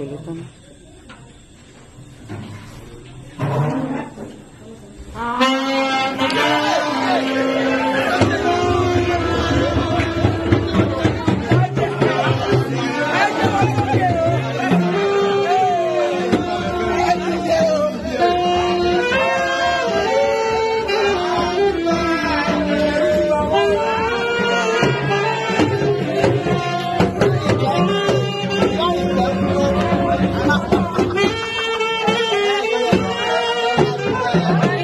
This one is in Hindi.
कर लेता हूँ Ah Thank you.